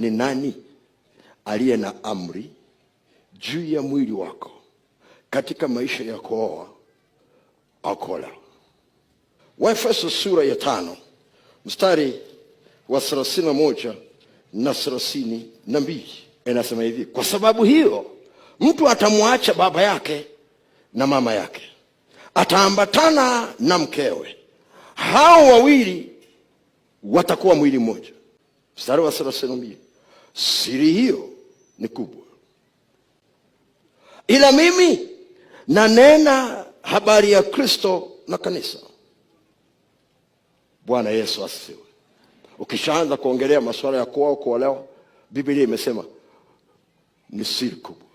Ni nani aliye na amri juu ya mwili wako katika maisha ya kuoa akola Waefeso sura ya tano mstari wa thelathini na moja na thelathini na mbili inasema hivi: kwa sababu hiyo mtu atamwacha baba yake na mama yake, ataambatana na mkewe, hao wawili watakuwa mwili mmoja. Mstari wa thelathini na mbili Siri hiyo ni kubwa, ila mimi nanena habari ya Kristo na kanisa. Bwana Yesu asifiwe. Ukishaanza kuongelea masuala ya kuoa, kuolewa, Biblia imesema ni siri kubwa.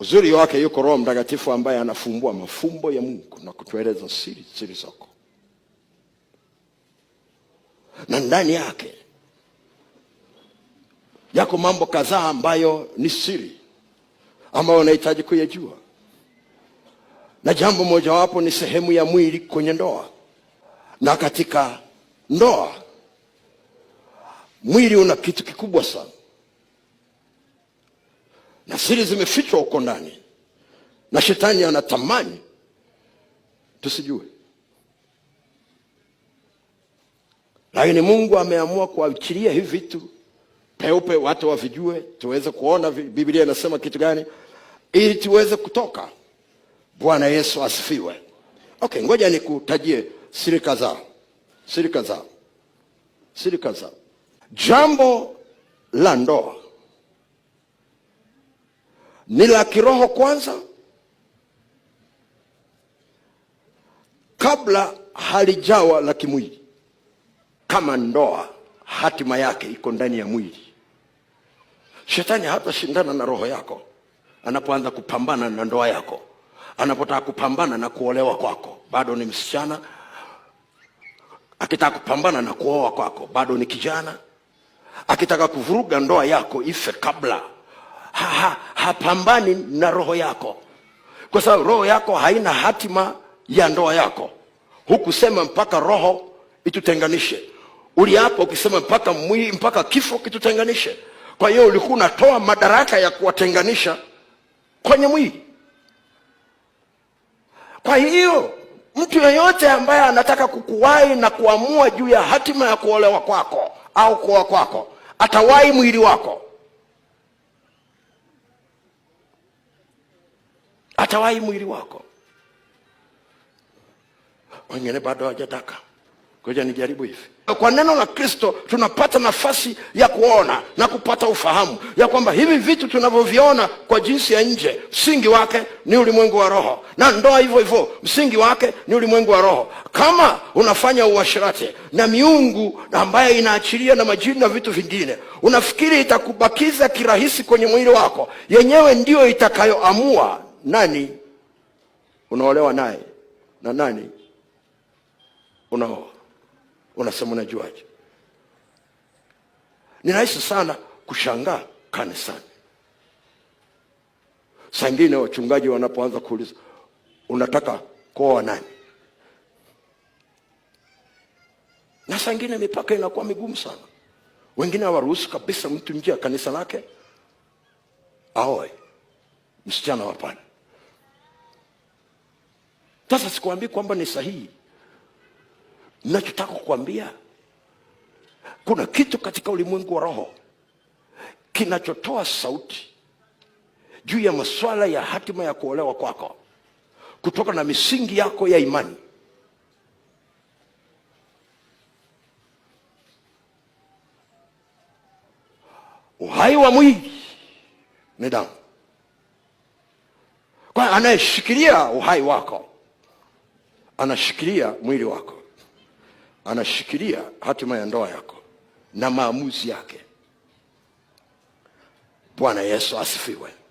Uzuri wake yuko Roho Mtakatifu ambaye anafumbua mafumbo ya Mungu na kutueleza siri siri zako na ndani yake yako mambo kadhaa ambayo ni siri ambayo unahitaji kuyajua, na jambo mojawapo ni sehemu ya mwili kwenye ndoa. Na katika ndoa, mwili una kitu kikubwa sana, na siri zimefichwa huko ndani, na shetani anatamani tusijue. lakini Mungu ameamua kuachilia hivi vitu peupe, watu wavijue, tuweze kuona Biblia inasema kitu gani, ili tuweze kutoka. Bwana Yesu asifiwe. Okay, ngoja nikutajie siri kadhaa, siri kadhaa, siri kadhaa. Jambo la ndoa ni la kiroho kwanza, kabla halijawa la kimwili kama ndoa, hatima yake iko ndani ya mwili. Shetani hatashindana na roho yako anapoanza kupambana na ndoa yako, anapotaka kupambana na kuolewa kwako, bado ni msichana. Akitaka kupambana na kuoa kwako, bado ni kijana. Akitaka kuvuruga ndoa yako ife kabla, ha, ha, hapambani na roho yako, kwa sababu roho yako haina hatima ya ndoa yako. Hukusema mpaka roho itutenganishe uliapa ukisema mpaka mwili, mpaka kifo kitutenganishe. Kwa hiyo ulikuwa unatoa madaraka ya kuwatenganisha kwenye mwili. Kwa hiyo mtu yeyote ambaye anataka kukuwahi na kuamua juu ya hatima ya kuolewa kwako au kuoa kwako atawahi mwili wako, atawahi mwili wako. Wengine bado hawajataka. Ngoja nijaribu hivi. Kwa neno la Kristo tunapata nafasi ya kuona na kupata ufahamu ya kwamba hivi vitu tunavyoviona kwa jinsi ya nje, msingi wake ni ulimwengu wa roho, na ndoa hivyo hivyo, msingi wake ni ulimwengu wa roho. Kama unafanya uasherati na miungu ambayo inaachilia na majini na vitu vingine, unafikiri itakubakiza kirahisi kwenye mwili wako? Yenyewe ndiyo itakayoamua nani unaolewa naye na nani unaoa unasema unajuaje? Ni rahisi sana kushangaa kanisani. Sangine wachungaji wanapoanza kuuliza unataka kuoa nani, na sangine mipaka inakuwa migumu sana. Wengine hawaruhusu kabisa mtu nje ya kanisa lake aoe msichana wa pale. Sasa sikuambii kwamba ni sahihi Nachotaka kukwambia kuna kitu katika ulimwengu wa roho kinachotoa sauti juu ya masuala ya hatima ya kuolewa kwako kutoka na misingi yako ya imani. Uhai wa mwili ni damu, kwa anayeshikilia uhai wako anashikilia mwili wako anashikilia hatima ya ndoa yako na maamuzi yake. Bwana Yesu asifiwe.